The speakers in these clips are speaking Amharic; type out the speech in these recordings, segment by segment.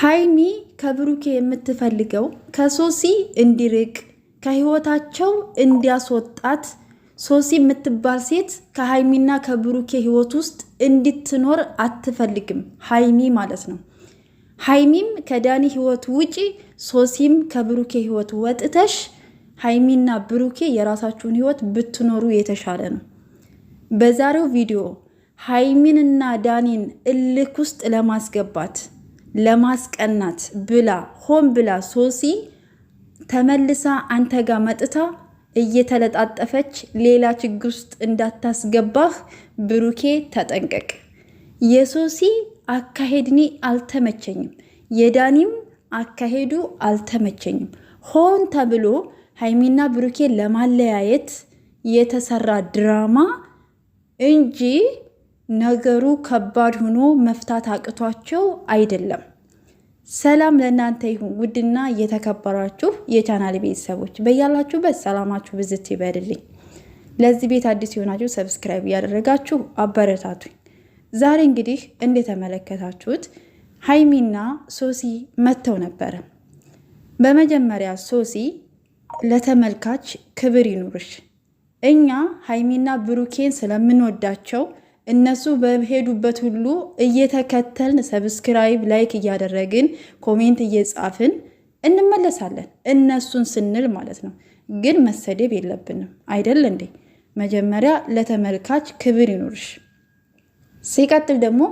ሀይሚ ከብሩኬ የምትፈልገው ከሶሲ እንዲርቅ ከህይወታቸው እንዲያስወጣት ሶሲ የምትባል ሴት ከሀይሚና ከብሩኬ ህይወት ውስጥ እንድትኖር አትፈልግም፣ ሀይሚ ማለት ነው። ሀይሚም ከዳኒ ህይወት ውጪ፣ ሶሲም ከብሩኬ ህይወት ወጥተሽ ሀይሚና ብሩኬ የራሳችሁን ህይወት ብትኖሩ የተሻለ ነው። በዛሬው ቪዲዮ ሀይሚንና ዳኒን እልክ ውስጥ ለማስገባት ለማስቀናት ብላ ሆን ብላ ሶሲ ተመልሳ አንተ ጋር መጥታ እየተለጣጠፈች ሌላ ችግር ውስጥ እንዳታስገባህ ብሩኬ ተጠንቀቅ። የሶሲ አካሄድኔ አልተመቸኝም፣ የዳኒም አካሄዱ አልተመቸኝም። ሆን ተብሎ ሀይሚና ብሩኬ ለማለያየት የተሰራ ድራማ እንጂ ነገሩ ከባድ ሆኖ መፍታት አቅቷቸው አይደለም። ሰላም ለእናንተ ይሁን ውድና የተከበራችሁ የቻናል ቤተሰቦች በያላችሁበት ሰላማችሁ ብዝት ይበልልኝ። ለዚህ ቤት አዲስ የሆናችሁ ሰብስክራይብ እያደረጋችሁ አበረታቱኝ። ዛሬ እንግዲህ እንደተመለከታችሁት ሀይሚና ሶሲ መጥተው ነበረ። በመጀመሪያ ሶሲ ለተመልካች ክብር ይኑርሽ። እኛ ሀይሚና ብሩኬን ስለምንወዳቸው እነሱ በሄዱበት ሁሉ እየተከተልን ሰብስክራይብ፣ ላይክ እያደረግን ኮሜንት እየጻፍን እንመለሳለን። እነሱን ስንል ማለት ነው። ግን መሰደብ የለብንም አይደል እንዴ? መጀመሪያ ለተመልካች ክብር ይኖርሽ። ሲቀጥል ደግሞ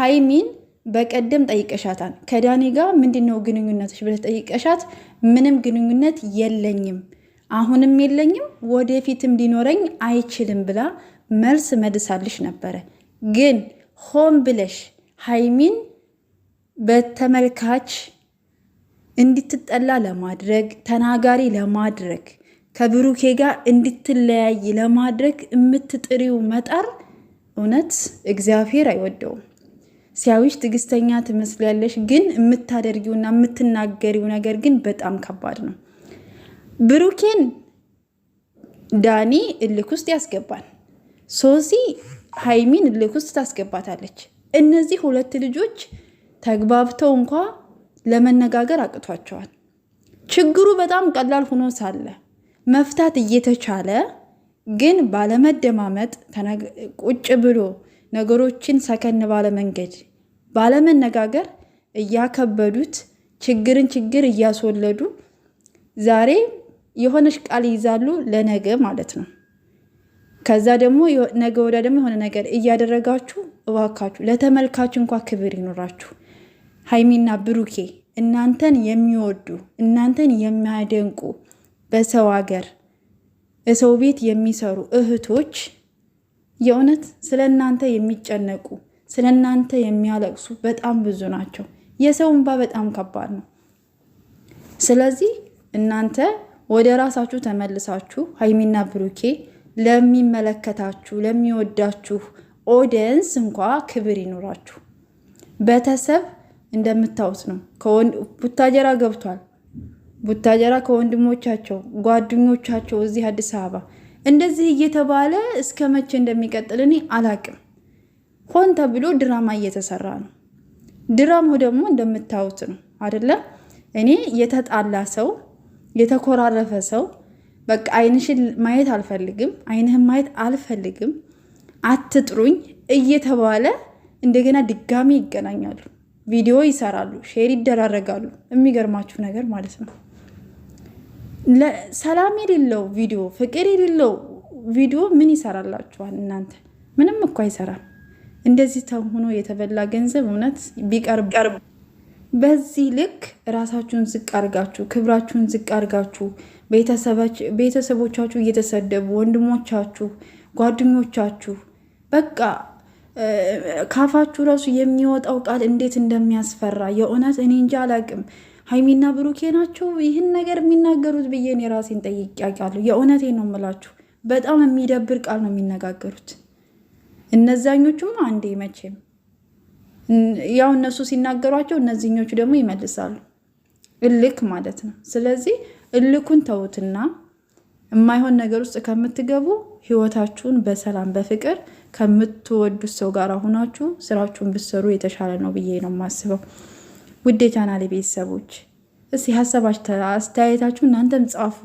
ሀይሚን በቀደም ጠይቀሻታል። ከዳኒ ጋር ምንድነው ግንኙነት ግንኙነትሽ ብለሽ ጠይቀሻት፣ ምንም ግንኙነት የለኝም አሁንም የለኝም ወደፊትም ሊኖረኝ አይችልም ብላ መልስ መልሳልሽ ነበረ። ግን ሆን ብለሽ ሀይሚን በተመልካች እንድትጠላ ለማድረግ ተናጋሪ ለማድረግ ከብሩኬ ጋር እንድትለያይ ለማድረግ የምትጥሪው መጣር እውነት እግዚአብሔር አይወደውም። ሲያዊሽ ትዕግስተኛ ትመስላለሽ፣ ግን የምታደርጊውና የምትናገሪው ነገር ግን በጣም ከባድ ነው። ብሩኬን ዳኒ እልክ ውስጥ ያስገባል። ሶሲ ሀይሚን እልክ ውስጥ ታስገባታለች። እነዚህ ሁለት ልጆች ተግባብተው እንኳ ለመነጋገር አቅቷቸዋል። ችግሩ በጣም ቀላል ሆኖ ሳለ መፍታት እየተቻለ ግን ባለመደማመጥ ቁጭ ብሎ ነገሮችን ሰከን ባለ መንገድ ባለመነጋገር እያከበዱት ችግርን ችግር እያስወለዱ ዛሬ የሆነች ቃል ይይዛሉ ለነገ ማለት ነው። ከዛ ደግሞ ነገ ወዳ ደግሞ የሆነ ነገር እያደረጋችሁ እባካችሁ ለተመልካች እንኳ ክብር ይኖራችሁ። ሀይሚና ብሩኬ እናንተን የሚወዱ እናንተን የሚያደንቁ በሰው ሀገር በሰው ቤት የሚሰሩ እህቶች የእውነት ስለ እናንተ የሚጨነቁ ስለ እናንተ የሚያለቅሱ በጣም ብዙ ናቸው። የሰው እንባ በጣም ከባድ ነው። ስለዚህ እናንተ ወደ ራሳችሁ ተመልሳችሁ ሀይሚና ብሩኬ ለሚመለከታችሁ ለሚወዳችሁ ኦዲየንስ እንኳ ክብር ይኑራችሁ። ቤተሰብ እንደምታዩት ነው። ቡታጀራ ገብቷል። ቡታጀራ ከወንድሞቻቸው ጓደኞቻቸው እዚህ አዲስ አበባ እንደዚህ እየተባለ እስከ መቼ እንደሚቀጥል እኔ አላቅም። ሆን ተብሎ ድራማ እየተሰራ ነው። ድራማው ደግሞ እንደምታዩት ነው አይደለም? እኔ የተጣላ ሰው የተኮራረፈ ሰው በቃ አይንሽን ማየት አልፈልግም፣ አይንህን ማየት አልፈልግም፣ አትጥሩኝ እየተባለ እንደገና ድጋሚ ይገናኛሉ፣ ቪዲዮ ይሰራሉ፣ ሼር ይደራረጋሉ። የሚገርማችሁ ነገር ማለት ነው ሰላም የሌለው ቪዲዮ፣ ፍቅር የሌለው ቪዲዮ ምን ይሰራላችኋል እናንተ? ምንም እኮ አይሰራም። እንደዚህ ተሆኖ የተበላ ገንዘብ እውነት ቢቀርብ በዚህ ልክ ራሳችሁን ዝቅ አርጋችሁ ክብራችሁን ዝቅ አርጋችሁ ቤተሰቦቻችሁ እየተሰደቡ ወንድሞቻችሁ፣ ጓደኞቻችሁ በቃ ካፋችሁ ራሱ የሚወጣው ቃል እንዴት እንደሚያስፈራ የእውነት እኔ እንጂ አላቅም። ሀይሚና ብሩኬ ናቸው ይህን ነገር የሚናገሩት ብዬ እኔ ራሴን ጠይቄያለሁ። የእውነቴ ነው የምላችሁ። በጣም የሚደብር ቃል ነው የሚነጋገሩት እነዛኞቹም አንዴ መቼም ያው እነሱ ሲናገሯቸው እነዚህኞቹ ደግሞ ይመልሳሉ። እልክ ማለት ነው። ስለዚህ እልኩን ተውትና የማይሆን ነገር ውስጥ ከምትገቡ ህይወታችሁን በሰላም በፍቅር ከምትወዱት ሰው ጋር ሁናችሁ ስራችሁን ብትሰሩ የተሻለ ነው ብዬ ነው የማስበው። ውድ የቻናሌ ቤተሰቦች እስኪ አስተያየታችሁ እናንተም ጻፉ።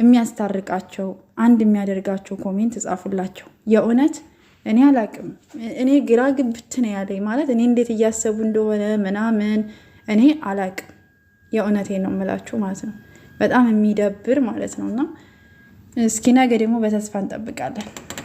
የሚያስታርቃቸው አንድ የሚያደርጋቸው ኮሜንት ጻፉላቸው የእውነት እኔ አላቅም። እኔ ግራ ግብት ነው ያለኝ ማለት እኔ እንዴት እያሰቡ እንደሆነ ምናምን እኔ አላቅም። የእውነቴ ነው የምላችሁ ማለት ነው። በጣም የሚደብር ማለት ነው። እና እስኪ ነገ ደግሞ በተስፋ እንጠብቃለን።